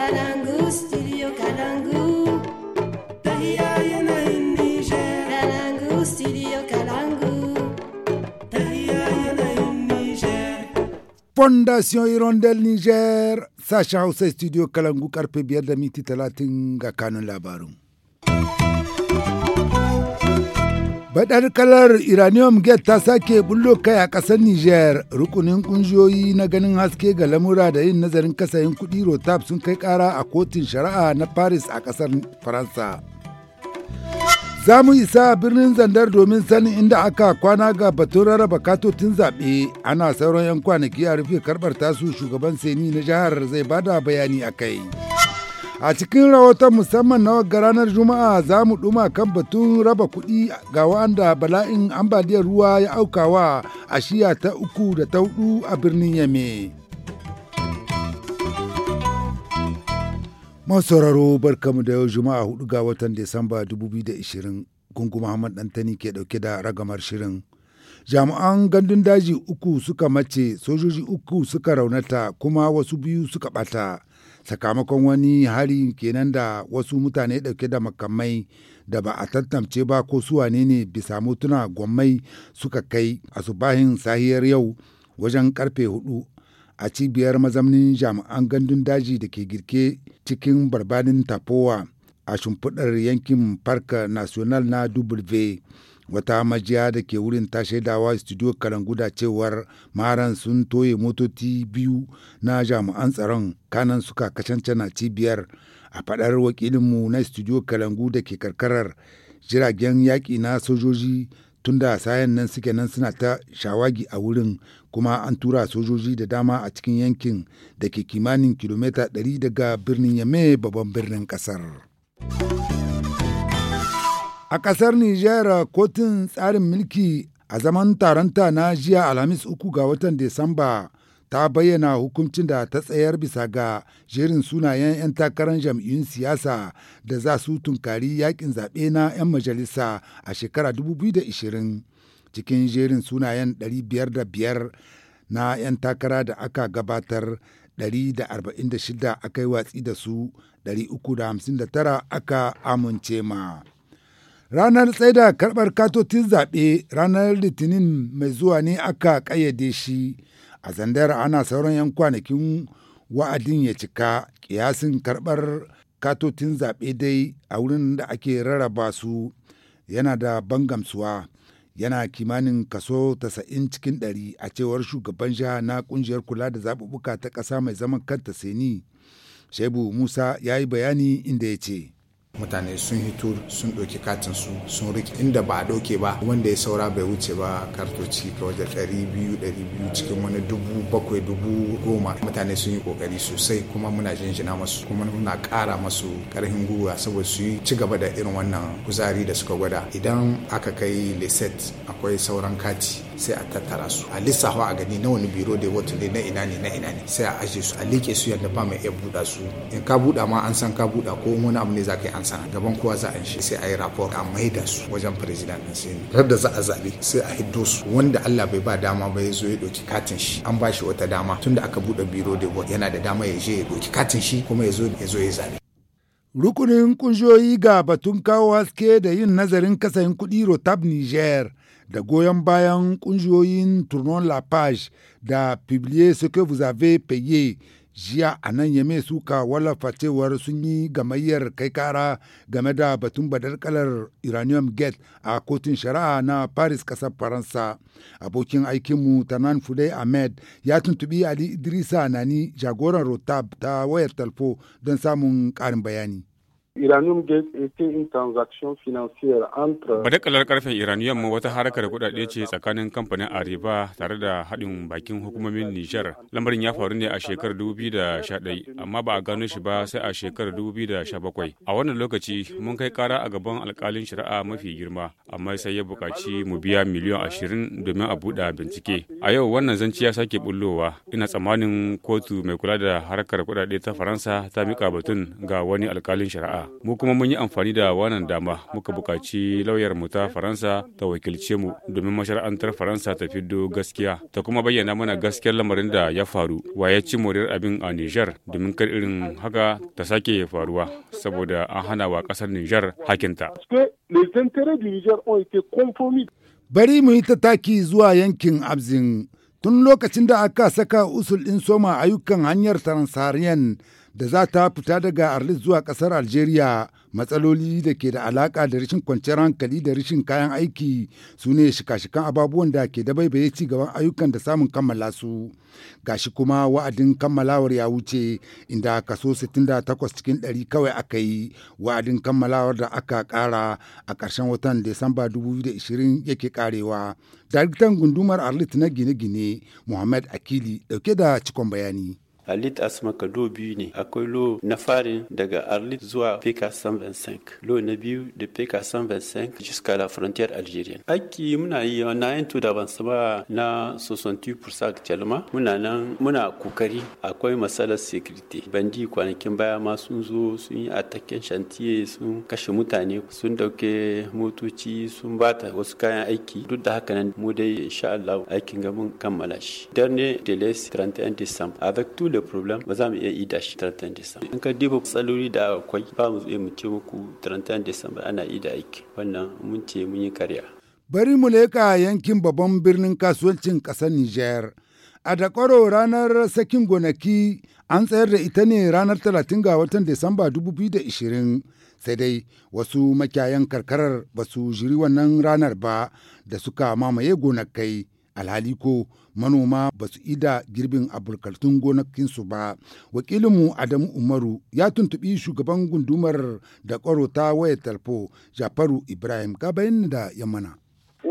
Kalangu, studio Kalangu. Tahiya yana Niger. Kalangu, studio Kalangu. Niger. Fondation Hirondel Niger, sashen Hausa studio Kalangu karfe biyar da miti talatin ga kanun labarin. Baɗar kalar Iranium Gate ta sake bullo kai a ƙasar Niger, rukunin ƙungiyoyi na ganin haske ga lamura da yin nazarin kasayin kuɗi Rotab sun kai ƙara a kotun shari'a na Paris a ƙasar Faransa. Za mu isa birnin zandar domin sanin inda aka kwana ga batun rarraba katotin zaɓe, ana sauran 'yan kwanaki a rufe karɓar tasu shugaban Seni na jihar zai bada bayani a kai. A cikin rahoton musamman na wagga ranar Juma'a za mu ɗuma kan batun raba kuɗi ga wa'anda bala'in ambaliyar ruwa ya aukawa a shiya ta uku da ta hudu a birnin Yame. masauraro barkamu da yau Juma'a hudu ga watan Disamba 2020 gungu Muhammad Dantani ke ɗauke da ragamar shirin. Jami'an gandun daji uku suka mace, sojoji uku suka raunata kuma wasu biyu suka ɓata. sakamakon wani hari kenan da wasu mutane dauke da makamai da ba a tantance ba ko su wane ne bisa mutuna gwammai suka kai a bahin sahiyar yau wajen karfe hudu a cibiyar mazamnin jami'an gandun daji da ke girke cikin barbanin tapowa a shimfiɗar yankin park national na dubulve wata majiya da ke wurin ta shaidawa studio da cewar maran sun toye motoci biyu na jami'an tsaron kanan suka na cibiyar a fadar wakilinmu na studio kalangu da ke karkarar jiragen yaƙi na sojoji tun da sayan nan suke nan suna ta shawagi a wurin kuma an tura sojoji da dama a cikin yankin da ke kimanin kilomita 100 daga birnin yame babban birnin ƙasar. A ƙasar Nijar kotun tsarin mulki a zaman taronta na jiya Alhamis uku ga watan Disamba ta bayyana hukuncin da ta tsayar bisa ga jerin sunayen 'yan takarar jam'iyyun siyasa da za su tunkari yakin zaɓe na 'yan majalisa a shekara 2020 cikin jerin sunayen 505 na 'yan takara da aka gabatar 146 aka yi watsi da su 359 aka amince ma. Ranar tsaida karɓar katotin zaɓe ranar Litinin mai zuwa ne aka ƙayyade shi, a zandar ana sauran 'yan kwanakin wa'adin ya cika, ƙiyasin karɓar katotin zaɓe dai a wurin da ake rarraba su yana da bangamsuwa. yana kimanin kaso 90 cikin 100 a cewar shugaban jiha na kungiyar kula da zaɓuɓɓuka ta ƙasa mai zaman kanta seni Shaibu musa ya yi bayani inda ya ce mutane sun hito sun ɗauki katin su sun riƙe, inda ba a ɗauke ba wanda ya saura bai wuce ba kartoci ka wajen ɗari biyu ɗari biyu cikin wani dubu bakwai dubu goma mutane sun yi ƙoƙari sosai kuma muna jinjina masu kuma muna ƙara masu ƙarfin gwiwa saboda su yi ci gaba da irin wannan kuzari da suka gwada idan aka kai leset akwai sauran kati sai a tattara su a lissafa a gani na wani biro da wato ne na ina ne na ina ne sai a aje su a liƙe su yadda ba mai iya buɗa su in ka buɗa ma an san ka buɗa ko wani abu ne za ka yi an san gaban kowa za a shi sai a yi rapor a da su wajen president ɗin sai har da za a zaɓi sai a hiddo su wanda Allah bai ba dama ba ya zo ya ɗauki katin shi an ba shi wata dama tunda aka buɗe biro da yana da dama ya je ya ɗauki katin shi kuma ya zo ya zo ya zaɓe. Rukunin kunjoyi ga batun kawo haske da yin nazarin kasayin kuɗi Rotab Niger da goyon bayan ƙungiyoyin Tournon La Page da Publier ce que vous avez payé jiya a nan yame suka wallafa cewar sun yi gamayyar kai kara game da batun badarkalar uranium gate a kotun shari'a na paris kasar faransa abokin aikinmu tanan fudai ahmed ya tuntubi ali idrisa nani jagoran rotab ta wayar talfo don samun karin bayani Iranium Gate ita in transaction financier entre Badakalar karfen Iranium wata harkar kudade ce tsakanin kamfanin Areba tare da haɗin bakin hukumomin niger Lamarin ya faru ne a shekarar 2011 amma ba a gano shi ba sai a shekarar 2017. A wannan lokaci mun kai kara a gaban alkalin shari'a mafi girma amma sai ya buƙaci mu biya miliyan 20 domin a buɗe bincike. A yau wannan zanci ya sake bullowa. Ina tsammanin kotu mai kula da harkar kudade ta Faransa ta mika batun ga wani alkalin shari'a. mu kuma mun yi amfani da wannan dama muka bukaci lauyar mu ta faransa ta wakilce mu domin mashara'antar faransa ta fiddo gaskiya ta kuma bayyana mana gaskiyar lamarin da ya faru wa ya ci moriyar abin a nijar domin kar irin haka ta sake faruwa saboda an hana wa kasar nijar hakinta bari mu yi taki zuwa yankin abzin tun lokacin da aka saka usul ɗin soma ayyukan hanyar transarian da za ta fita daga Arlit zuwa ƙasar Algeria matsaloli da ke da alaƙa da rashin kwanciyar hankali da rashin kayan aiki su ne shika-shikan ababuwan da ke da baibaye ci gaban ayyukan da samun kammala su. Gashi kuma wa'adin kammalawar ya wuce inda kaso 68 cikin 100 kawai aka yi wa'adin kammalawar da aka ƙara a ƙarshen watan Desamba 2020 yake ƙarewa. Daraktan gundumar Arlit na gine-gine Muhammad Akili ɗauke da cikon bayani. a asma ka lo biyu ne akwai lo na farin daga arlit zuwa pk 125 lo na biyu da pk 125 jusqu'à la frontière algérienne aiki muna yi na yin da ban saba na 68% actuellement muna nan muna kokari akwai matsalar security bandi kwanakin baya ma sun zo sun yi ataken chantier sun kashe mutane sun dauke motoci sun bata wasu kayan aiki duk da haka nan mu dai insha Allah aikin gaban kammala shi dernier délai 31 décembre avec tout le da problem ba za mu iya yi da shi 31 December in ka diba matsaloli da akwai ba mu iya mu ce muku 31 December ana yi da aiki wannan mun ce mun yi karya bari mu leka yankin babban birnin kasuwancin ƙasar Nijar a dakwaro ranar sakin gonaki an tsayar da ita ne ranar 30 ga watan Disamba 2020 sai dai wasu makiyayan karkarar ba su jiri wannan ranar ba da suka mamaye gonakai. alhali ko manoma ba su ida girbin abulkartun gonakinsu ba wakilinmu adamu umaru ya tuntubi shugaban gundumar da kwaro ta wayar talfo jafaru ibrahim ga bayan da mana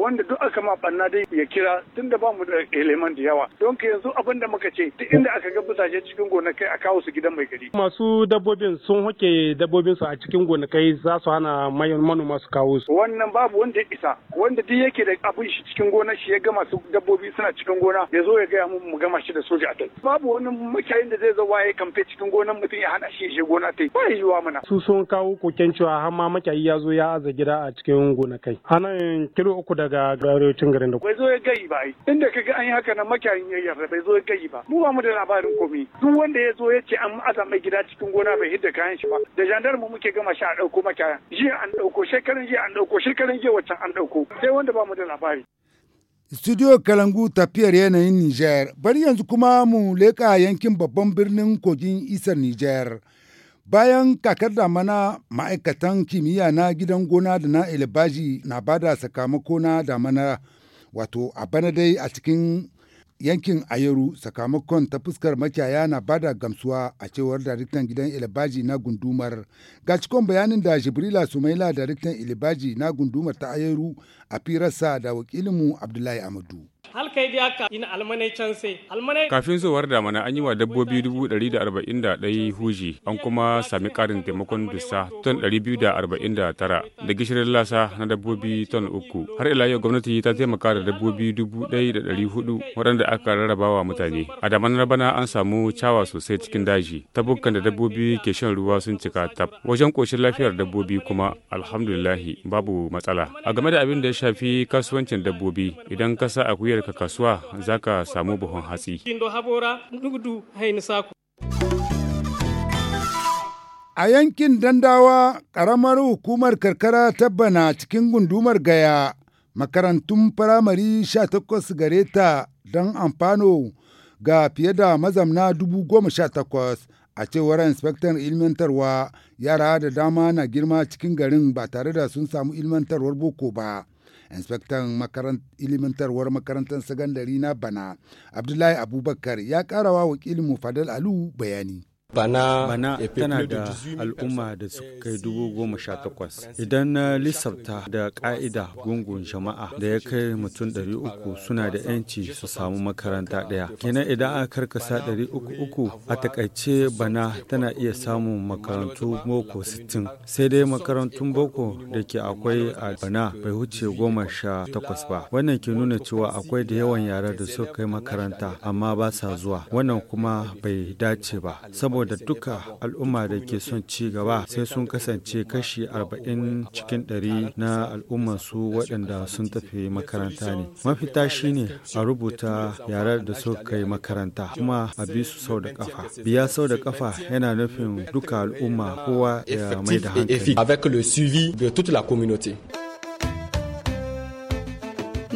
wanda duk aka ma banna dai ya kira tun da bamu da eleman da yawa don ka yanzu abin da muka ce duk inda aka ga busashe cikin gonakai a kawo su gidan mai gari masu dabbobin sun hoke dabbobin su a cikin gonakai za su hana manoma su kawo su wannan babu wanda isa wanda duk yake da abin shi cikin gona shi ya ga masu dabbobi suna cikin gona ya zo ya gaya mu mu gama shi da soja a tai babu wani makiyayin da zai zo waye kamfe cikin gonan mutum ya hana shi ya je gona tai ba yiwuwa mana su sun kawo koken cewa har ma makiyayi ya zo ya aza gida a cikin gonakai anan kilo uku daga da rarocin garin da bai zo ya gayi ba ai inda ga an yi haka nan makiyayin ya yarda bai zo ya gayi ba mu ba mu da labarin komai duk wanda ya zo ya ce an aza mai gida cikin gona bai hidda kayan shi ba da mu muke gama shi a dauko makiyayan jiya an dauko shekarun jiya an dauko shekarun jiya wacce an dauko sai wanda ba mu da labari Studio Kalangu tafiyar yanayin Nijar, bari yanzu kuma mu leƙa yankin babban birnin kogin isar Nijar. Bayan kakar damana ma'aikatan kimiyya na gidan gona da na ilibaji na da sakamako na damana wato a bana dai a cikin yankin ayaru sakamakon ta fuskar makiyaya na ba da gamsuwa a cewar daraktan gidan ilibaji na gundumar. Ga cikon bayanin da Jibrila Sumaila daraktan ilibaji na gundumar ta ayaru a firarsa da wakilinmu Abdullahi Amadu. kafin zuwar damana an yi wa dabbobi 241 huji an kuma sami karin taimakon dusa ton 249 da gishirin lasa na dabbobi ton 3 har ila yau gwamnati ta taimaka da dabbobi 1,400 waɗanda aka rarraba wa mutane a damanar bana an samu cawa sosai cikin daji tabbukan da dabbobi ke shan ruwa sun cika tab wajen koshin lafiyar dabbobi kuma alhamdulillahi babu matsala a game da abin da ya shafi kasuwancin dabbobi idan ka sa akuyar ka kasuwa za ka samu buhun hatsi. A yankin Dandawa, ƙaramar hukumar karkara ta bana cikin gundumar gaya, makarantun firamare 18 gare ta don amfano ga fiye da mazamna 18,000 a cewar inspektan ilmantarwa yara da dama na girma cikin garin ba tare da sun samu ilmantarwar boko ba. inspektan ilimantarwar makarantar sakandare na bana abdullahi abubakar ya karawa wakilin mu fadal alu bayani Bana, Bana tana da al'umma da suka kai dubu goma sha takwas. Idan na lissafta da ƙa'ida gungun jama'a da ya kai mutum ɗari uku suna da 'yanci su samu makaranta ɗaya. Kenan idan aka karkasa ɗari uku uku a takaice Bana tana iya samun makarantu boko sittin. Sai dai makarantun boko da ke akwai a Bana bai wuce goma sha takwas ba. Wannan ke nuna cewa akwai da yawan yara da suka kai makaranta amma ba sa zuwa. Wannan kuma bai dace ba. Saboda saboda duka al'umma da ke son ci gaba sai sun kasance kashi 40 cikin 100 na al'ummar su waɗanda sun tafi makaranta ne mafita shine a rubuta yarar da suka kai makaranta kuma a bi su sau da kafa biya sau da kafa yana nufin duka al'umma kowa ya mai da hankali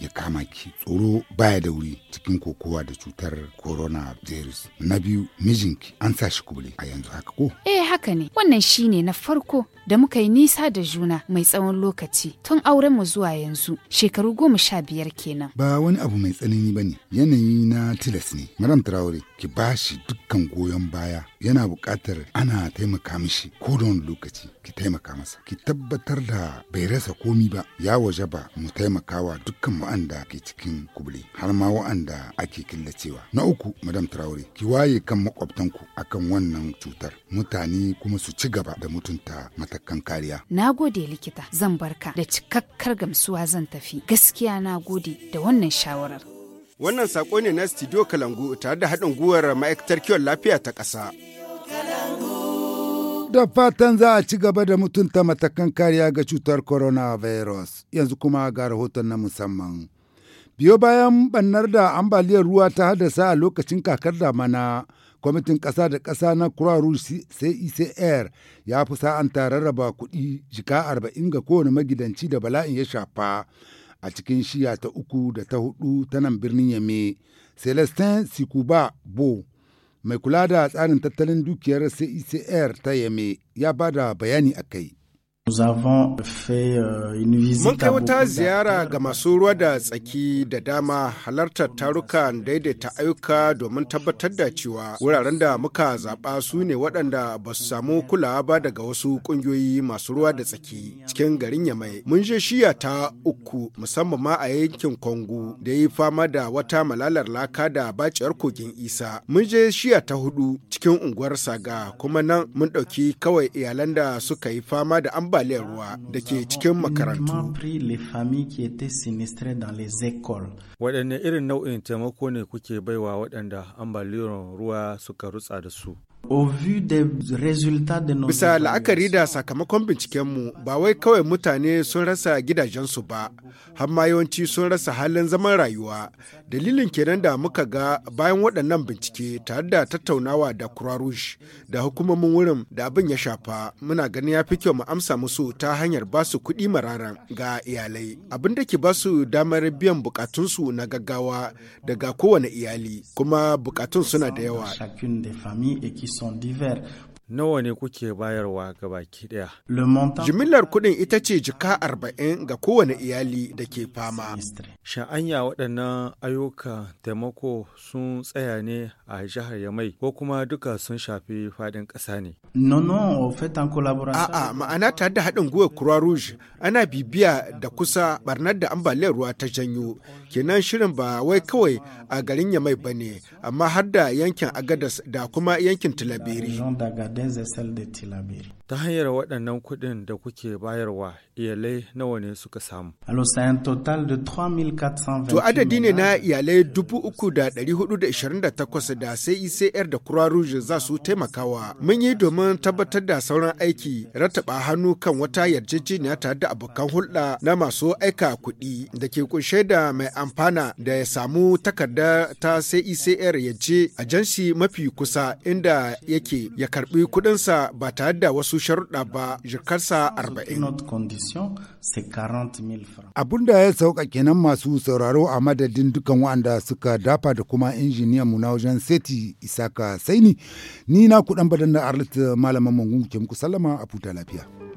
ya kama ki tsoro baya da wuri cikin kokowa da cutar corona virus na biyu mijinki an sa shi kubule a yanzu haka ko eh haka ne wannan shine na farko da muka yi nisa da juna mai tsawon lokaci tun auren mu zuwa yanzu shekaru goma sha biyar kenan ba wani abu mai tsanani bane yanayi na tilas ne madam traore ki bashi dukkan goyon baya yana buƙatar ana taimaka mishi ko da wani lokaci ki taimaka masa ki tabbatar da bai rasa komi ba ya waje ba mu taimakawa dukkan wa'anda ke cikin kubule har ma wa'anda ake killacewa na uku madam traore ki waye kan makwabtanku akan wannan cutar mutane kuma su ci gaba da mutunta matakan kariya na gode likita zan barka da cikakkar gamsuwa zan tafi gaskiya na gode da wannan shawarar Wannan sako ne na Studio Kalangu tare da haɗin gwiwar ma'aikatar kiwon lafiya ta ƙasa. Da fatan za a ci gaba da mutunta matakan kariya ga cutar coronavirus yanzu kuma ga rahoton na musamman. Biyo bayan bannar da ambaliyar ruwa ta haddasa a lokacin kakar damana. kwamitin ƙasa da ƙasa na kuraru cecr ya fi sa'an rarraba kuɗi jika arba'in ga kowane magidanci da bala'in ya shafa a cikin shiya ta uku da ta hudu ta nan birnin Yame. Celestin Sikuba Bo, mai kula da tsarin tattalin dukiyar cecr ta Yame, ya ba da bayani a kai. Euh, mun kai wata ziyara ga masu ruwa da tsaki da dama halartar tarukan daidaita ayyuka domin tabbatar da cewa wuraren da muka zaɓa su ne waɗanda ba su samu kulawa ba daga wasu ƙungiyoyi masu ruwa da tsaki cikin garin Yamai. Mun je shiya ta uku musamman ma a yankin Kongo da yi fama da wata malalar laka da baciyar kogin Isa. Mun je shiya ta hudu cikin unguwar Saga kuma nan mun ɗauki kawai iyalan da suka yi fama da an ambaliyar ruwa da ke cikin makarantu. Waɗanne irin nau'in taimako ne kuke baiwa waɗanda ambaliyar ruwa suka rutsa da su? Bisa la'akari da sakamakon bincikenmu ba wai kawai mutane sun rasa gidajensu ba, hamma yawanci sun rasa halin zaman rayuwa. Dalilin kenan da muka ga bayan waɗannan bincike tare da tattaunawa da Croix da hukumomin wurin da abin ya shafa muna ganin ya fi kyau mu amsa musu ta hanyar basu kuɗi mararan ga iyalai. Abin da ke basu damar biyan bukatunsu na gaggawa daga kowane iyali kuma bukatun suna da yawa. sont divers. nawa ne kuke bayarwa ga baki daya. Jimillar kuɗin ita ce jika arba'in ga kowane iyali da ke fama. Sha'anya waɗannan ayyuka taimako sun tsaya ne a jihar Yamai ko kuma duka sun shafi faɗin ƙasa ne. A'a ma'ana ta da haɗin gwiwa Croix Rouge ana bibiya da kusa barnar da ambaliyar ruwa ta janyo. Kenan shirin ba wai kawai a garin Yamai ba ne amma har da yankin Agadas da kuma yankin Tilabiri. et celle de Tilabiri. ta hanyar waɗannan kuɗin da kuke bayarwa iyalai nawa ne suka samu. To adadi ne na iyalai 3,428 da sai ICR da Kura e Rouge za su taimakawa. Mun yi domin tabbatar da sauran aiki rataba hannu kan wata yarjejeniya tare da abokan hulɗa na masu aika kuɗi da ke kunshe da mai amfana da ya samu takarda ta sai ICR e ya je ajansi mafi kusa inda yake ya karɓi kuɗinsa ba tare da wasu sharuɗa ba jikarsa arba'in. Abun da ya sauka kenan masu sauraro a madadin dukan waɗanda suka dafa da kuma injiniyan mu na wajen seti isaka saini ni na kuɗan badan da arlita malaman mangun ke muku sallama a futa lafiya.